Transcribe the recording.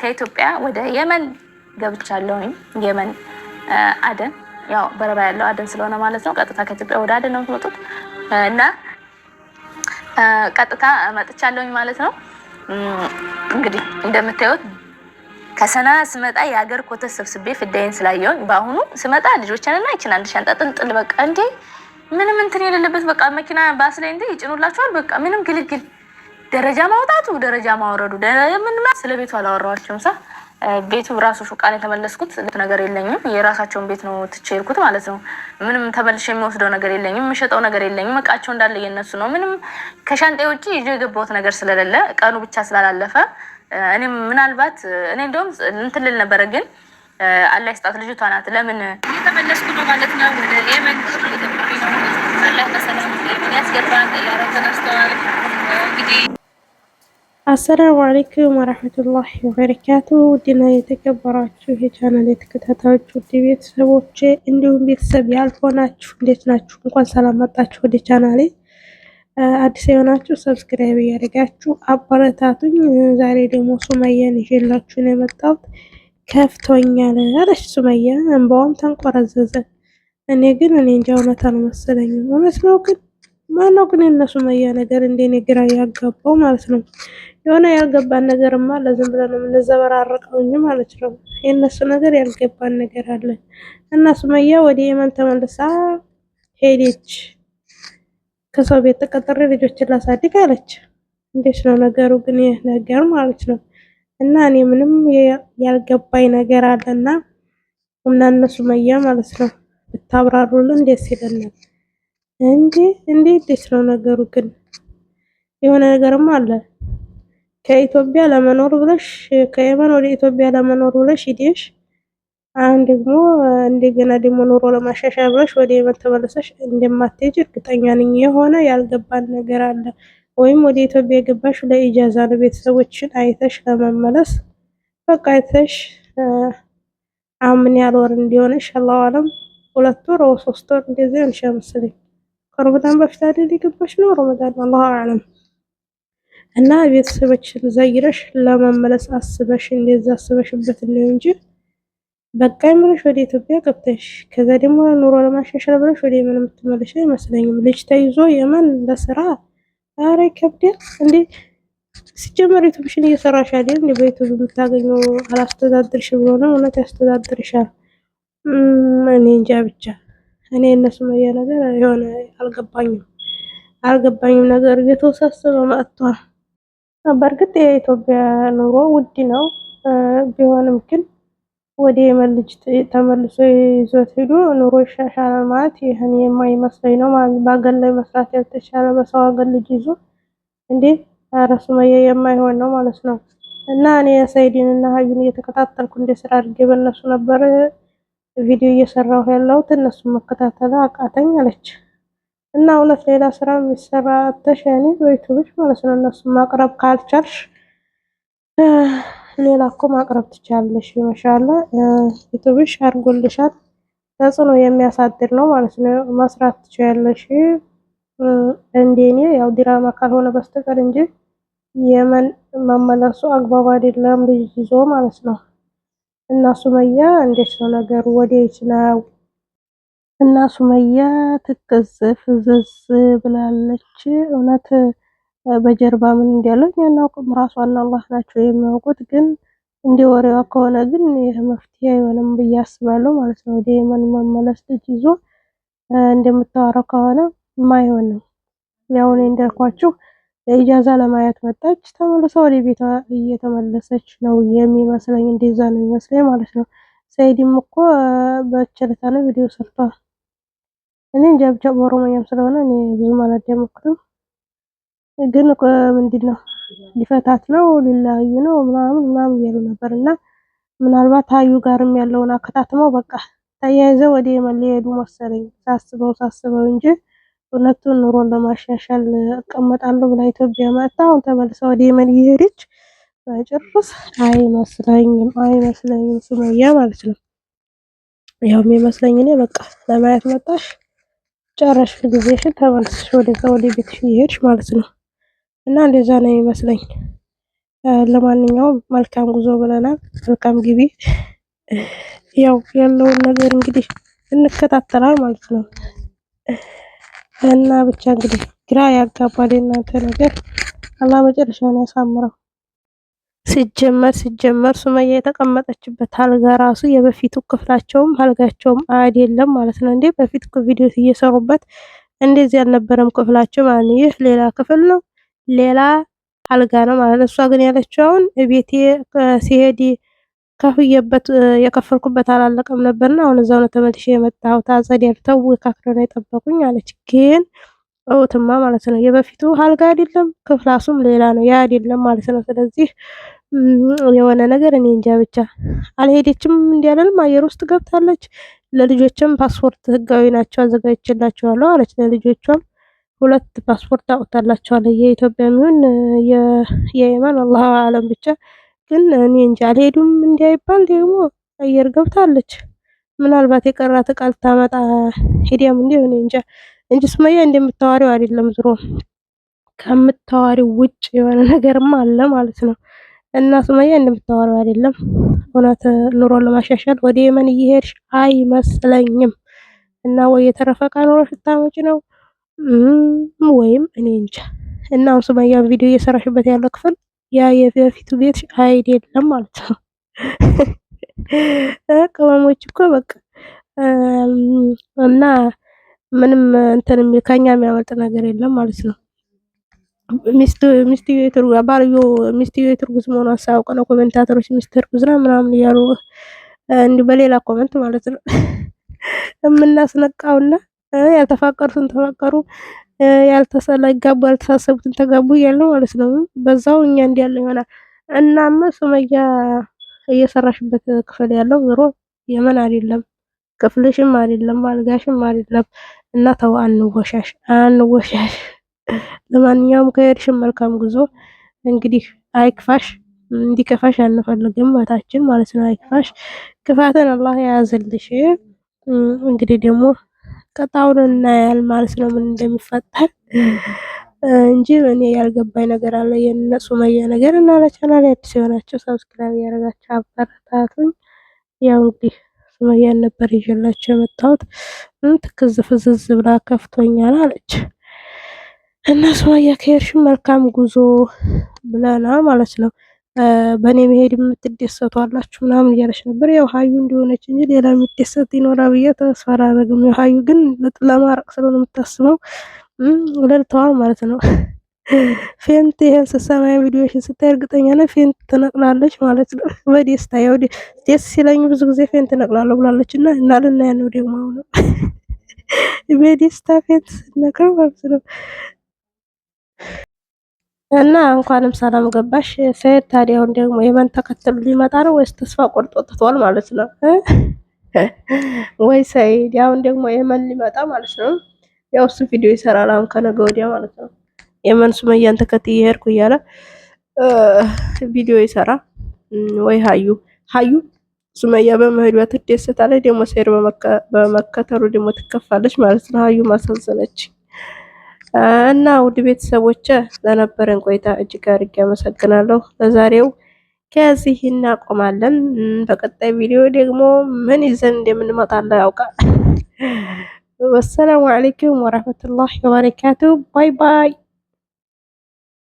ከኢትዮጵያ ወደ የመን ገብቻለሁኝ። የመን አደን፣ ያው በረባ ያለው አደን ስለሆነ ማለት ነው። ቀጥታ ከኢትዮጵያ ወደ አደን ነው የምትመጡት እና ቀጥታ መጥቻለሁኝ ማለት ነው። እንግዲህ እንደምታዩት ከሰና ስመጣ የሀገር ኮተት ሰብስቤ ፍዳይን ስላየውኝ በአሁኑ ስመጣ ልጆችንና ይችን አንድ ሻንጣ ጥንጥል በቃ እንዴ ምንም እንትን የሌለበት በቃ መኪና ባስ ላይ እንዴ ይጭኑላቸዋል። በቃ ምንም ግልግል ደረጃ ማውጣቱ ደረጃ ማውረዱ ምን ስለ ቤቱ አላወራኋቸውም። ሳ ቤቱ ራሱ ሹቃን የተመለስኩት ነገር የለኝም። የራሳቸውን ቤት ነው ትቼ ማለት ነው። ምንም ተመልሼ የሚወስደው ነገር የለኝም። የምሸጠው ነገር የለኝም። እቃቸው እንዳለ የነሱ ነው። ምንም ከሻንጤ ውጭ ይዤ የገባሁት ነገር ስለሌለ ቀኑ ብቻ ስላላለፈ እኔም ምናልባት እኔ እንደውም እንትን ልል ነበረ ግን አላህ ይስጣት ልጅቷ ናት። ለምን የተመለስኩ ነው ማለት ነው። ወደ የመን ያስገባ ያረተነስተዋል እንግዲህ አሰላሙ አሌይኩም ወረህመቱላሂ ወበረካቱ ውድና የተከበራችሁ የቻናል የተከታታዮች ውድ ቤተሰቦቼ እንዲሁም ቤተሰብ ያልሆናችሁ እንዴት ናችሁ? እንኳን ሰላም መጣችሁ ወደ ቻናሌ። አዲስ የሆናችሁ ሰብስክራይብ እያደረጋችሁ አበረታቱኝ። ዛሬ ደግሞ ሱመያን ይዤላችሁ ነው የመጣሁት። ከፍቶኛል አለች ሱመያ፣ እንባዋም ተንቆረዘዘ። እኔ ግን እኔ እንጃ እውነታ ነው መሰለኝ። እውነት ነው ግን ማነው ግን መያ ነገር እንዴኔ ግራ ያጋባው ማለት ነው። የሆነ ያልገባን ነገርማ ለዝም ብለን የምንዘበራረቀው እንጂ ማለት ነው። የነሱ ነገር ያልገባን ነገር አለ እና ሱመያ ወደ የመን ተመልሳ ሄደች። ከሰው ቤት ተቀጥሬ ልጆችን ላሳድግ አለች። እንዴት ነው ነገሩ ግን ይህ ነገር ማለት ነው። እና እኔ ምንም ያልገባኝ ነገር አለና እና እነሱ መያ ማለት ነው ብታብራሩልን ደስ ይለናል። እንጂ እንዴት ነው ነገሩ? ግን የሆነ ነገርም አለ። ከኢትዮጵያ ለመኖር ብለሽ ከየመን ወደ ኢትዮጵያ ለመኖር ብለሽ ሂደሽ አሁን ደግሞ እንደገና ደግሞ ኑሮ ለማሻሻል ብለሽ ወደ የመን ተመለሰሽ እንደማትሄጂ እርግጠኛ ነኝ። የሆነ ያልገባን ነገር አለ። ወይም ወደ ኢትዮጵያ የገባሽ ለኢጃዛ ነው፣ ቤተሰቦችን አይተሽ ለመመለስ በቃ አይተሽ አምን ያልወር እንዲሆነሽ አላሁ አለም ሁለት ወር ሶስት ወር እንደዚህ አንሻ መሰለኝ ከረመዳን በፊት አይደል የገባሽ ነው? ረመዳን አላህ አዕለም። እና ቤተሰቦችን ዘይረሽ ለመመለስ አስበሽ እንደዛ አስበሽበት ነው እንጂ በቃ ምንሽ ወደ ኢትዮጵያ ገብተሽ ከዛ ደግሞ ኑሮ ለማሻሻል ብለሽ ወደ የመን የምትመለሽ አይመስለኝም። ልጅ ተይዞ የመን ለስራ አረ ይከብዳል እንዴ! ሲጀመር ዩቱብሽን እየሰራሽ አይደል እንዴ? በዩቱብ የምታገኘው አላስተዳድርሽ ብሎ ነው? እውነት ያስተዳድርሻል? እኔ እንጃ ብቻ እኔ እነሱ መያ ነገር የሆነ አልገባኝም አልገባኝም ነገር እየተወሳሰበ መጥቷል። በእርግጥ የኢትዮጵያ ኑሮ ውድ ነው። ቢሆንም ግን ወደ የመን ልጅ ተመልሶ ይዞት ሄዶ ኑሮ ይሻሻላል ማለት ይህን የማይመስለኝ ነው። በአገር ላይ መስራት ያልተቻለ በሰው አገር ልጅ ይዞ እንዴ ረሱ መያ የማይሆን ነው ማለት ነው። እና እኔ ሰይድን እና ሀዩን እየተከታተልኩ እንደ ስራ አድርጌ በእነሱ ነበር ቪዲዮ እየሰራሁ ያለሁት እነሱን መከታተል አቃተኝ አለች። እና እውነት ሌላ ስራ የሚሰራ ተሸኒ በዩቱብሽ ማለት ነው። እነሱ ማቅረብ ካልቻልሽ ሌላ እኮ ማቅረብ ትቻለሽ። ይመሻለ ዩቱብሽ አድርጎልሻል። ተጽዕኖ የሚያሳድር ነው ማለት ነው። መስራት ትችያለሽ። እንዴኔ ያው ዲራማ ካልሆነ በስተቀር እንጂ የመን መመለሱ አግባብ አይደለም፣ ልጅ ይዞ ማለት ነው። እና ሱመያ እንዴት ነው ነገሩ? ወዴት ነው? እና ሱመያ ትቅዝፍ ዝዝ ብላለች። እውነት በጀርባ ምን እንዳለው እኛ አናውቅም። ራሷና አላህ ናቸው የሚያውቁት። ግን እንደ ወሬዋ ከሆነ ግን ይህ መፍትሄ አይሆንም ብዬ አስባለሁ ማለት ነው። ወደ የመን መመለስ ልጅ ይዞ እንደምታወራው ከሆነ ማይሆንም ያው እኔ እንዳልኳችሁ ለኢጃዛ ለማየት መጣች። ተመልሶ ወደ ቤቷ እየተመለሰች ነው የሚመስለኝ። እንደዛ ነው የሚመስለኝ ማለት ነው። ሰይድም እኮ በቸልታ ላይ ቪዲዮ ሰርቷል። እኔ እንጃ ብቻ በኦሮሞኛም ስለሆነ እኔ ብዙም አላዳመኩትም። ግን ምንድን ነው ሊፈታት ነው ሊለያዩ ነው ምናምን ምናምን እያሉ ነበር እና ምናልባት ታዩ ጋርም ያለውን አከታትመው በቃ ተያይዘው ወደ መለሄዱ መሰለኝ ሳስበው ሳስበው እንጂ እውነቱን ኑሮን ለማሻሻል እቀመጣለሁ ብላ ኢትዮጵያ መጥታ አሁን ተመልሳ ወደ የመን እየሄደች በጭርስ አይመስለኝም፣ አይመስለኝም ሱመያ ማለት ነው። ያው የሚመስለኝ እኔ በቃ ለማየት መጣሽ ጨረሽ ጊዜሽን ተመልሰሽ ወደዛ ወደ ቤትሽ እየሄድሽ ማለት ነው። እና እንደዛ ነው የሚመስለኝ። ለማንኛውም መልካም ጉዞ ብለናል። መልካም ግቢ። ያው ያለውን ነገር እንግዲህ እንከታተላል ማለት ነው። እና ብቻ እንግዲህ ግራ ያጋባል የእናንተ ነገር። አላህ መጨረሻውን ያሳምረው። ሲጀመር ሲጀመር ሱመያ የተቀመጠችበት አልጋ ራሱ የበፊቱ ክፍላቸውም አልጋቸውም አይደለም ማለት ነው እንዴ! በፊት ቪዲዮ እየሰሩበት እንደዚህ ያልነበረም ክፍላቸው ማለት ነው። ይህ ሌላ ክፍል ነው፣ ሌላ አልጋ ነው ማለት ነው። እሷ ግን ያለችው አሁን ቤቴ ሲሄድ ከፍየበት የከፈልኩበት አላለቀም ነበርና አሁን እዛው ነው ተመልሼ የመጣሁት። አጸዴን ተው ከክሎ ነው የጠበቁኝ አለች። ግን እውትማ ማለት ነው የበፊቱ አልጋ አይደለም፣ ክፍላሱም ሌላ ነው፣ ያ አይደለም ማለት ነው። ስለዚህ የሆነ ነገር እኔ እንጃ ብቻ አልሄደችም። እንዲያለንም አየር ውስጥ ገብታለች። ለልጆችም ፓስፖርት ህጋዊ ናቸው አዘጋጅቼላቸዋለሁ አለች። ለልጆቿም ሁለት ፓስፖርት አውጥታላቸዋለች፣ የኢትዮጵያ የሚሆን የየመን አላህ አለም ብቻ ግን እኔ እንጂ አልሄዱም እንዳይባል ደግሞ አየር ገብታለች። ምናልባት የቀራት ቃል ታመጣ ሄዲያም እንዲ ሆነ እንጃ እንጂ ሱመያ እንደምታዋሪው አይደለም። ዝሮ ከምታዋሪው ውጭ የሆነ ነገርም አለ ማለት ነው። እና ሱመያ እንደምታዋሪው አይደለም። እውነት ኑሮን ለማሻሻል ወደ የመን እየሄድሽ አይመስለኝም። እና ወይ የተረፈ ዕቃ ኑሮሽ ነው ወይም እኔ እንጃ። እና ሱመያ ቪዲዮ እየሰራሽበት ያለው ክፍል ያ የበፊቱ ቤት አይደለም ማለት ነው። ቅመሞች እኮ በቃ እና ምንም እንትን ከኛ የሚያመልጥ ነገር የለም ማለት ነው። ሚስትዮ የትርጉዝ ባልዮ ሚስትዮ የትርጉዝ መሆኗን ሳያውቅ ነው ኮሜንታተሮች ሚስት እርጉዝ ነው ምናምን እያሉ በሌላ ኮመንት ማለት ነው የምናስነቃውና ያልተፋቀሩትን ተፋቀሩ ያልተሰለጋቡ ያልተሳሰቡትን ተጋቡ እያለ ማለት ነው። በዛው እኛ እንዲ ያለ ይሆናል። እናም ሱመያ እየሰራሽበት ክፍል ያለው ዞሮ የመን አይደለም፣ ክፍልሽም አይደለም፣ አልጋሽም አይደለም። እና ተው አንወሻሽ፣ አንወሻሽ። ለማንኛውም ከሄድሽም መልካም ጉዞ እንግዲህ አይክፋሽ፣ እንዲከፋሽ አንፈልግም። እህታችን ማለት ነው አይክፋሽ፣ ክፋትን አላህ የያዘልሽ። እንግዲህ ደግሞ ቀጣውን እናያል ማለት ነው ምን እንደሚፈጠር እንጂ እኔ ያልገባኝ ነገር አለ የነሱ መያ ነገር እና ለቻናል አዲስ የሆናቸው ሰብስክራይብ ያደረጋቸው አበረታቱኝ። ያው እንግዲህ ሱመያን ነበር ይዤላቸው የመጣሁት። ትክዝ ፍዝዝ ብላ ከፍቶኛል አለች እና ሱመያ ከሄድሽ መልካም ጉዞ ብለና ማለት ነው። በእኔ መሄድ የምትደሰቱ አላችሁ ምናምን እያለች ነበር። ያው ሀዩ እንደሆነች እንጂ ሌላ የሚደሰት ይኖራ ብዬ ተስፋ አላደርግም። ያው ሀዩ ግን ለማራቅ ስለሆነ የምታስበው ለልተዋ ማለት ነው። ፌንት ይሄን ስሰማያ ቪዲዮሽን ስታይ እርግጠኛ ነ ፌንት ትነቅላለች ማለት ነው። በደስታ ያው ደስ ሲለኝ ብዙ ጊዜ ፌንት ትነቅላለሁ ብላለች እና እናልና ያነው ደግሞ አሁን በደስታ ፌንት ስነቅር ማለት ነው። እና እንኳንም ሰላም ገባሽ ሰኢድ። ታዲያ አሁን ደግሞ የመን ተከትሎ ሊመጣ ነው ወይስ ተስፋ ቆርጦ ትቷል ማለት ነው? ወይ ሰኢድ አሁን ደግሞ የመን ሊመጣ ማለት ነው። ያው እሱ ቪዲዮ ይሰራል አሁን ከነገ ወዲያ ማለት ነው። የመን ሱመያን ተከትዬ ሄድኩ እያለ ቪዲዮ ይሰራ ወይ ሀዩ ሀዩ ሱመያ በመሄዷ ትደሰታለች፣ ደግሞ ሰኢድ በመከተሉ ደግሞ ትከፋለች ማለት ነው። ሀዩ ማሳዘነች። እና ውድ ቤተሰቦች ለነበረን ቆይታ እጅግ አድርጌ አመሰግናለሁ። ለዛሬው ከዚህ እናቆማለን። በቀጣይ ቪዲዮ ደግሞ ምን ይዘን እንደምንመጣላ ያውቃል። ወሰላሙ አለይኩም ወራህመቱላሂ ወበረካቱ። ባይ ባይ።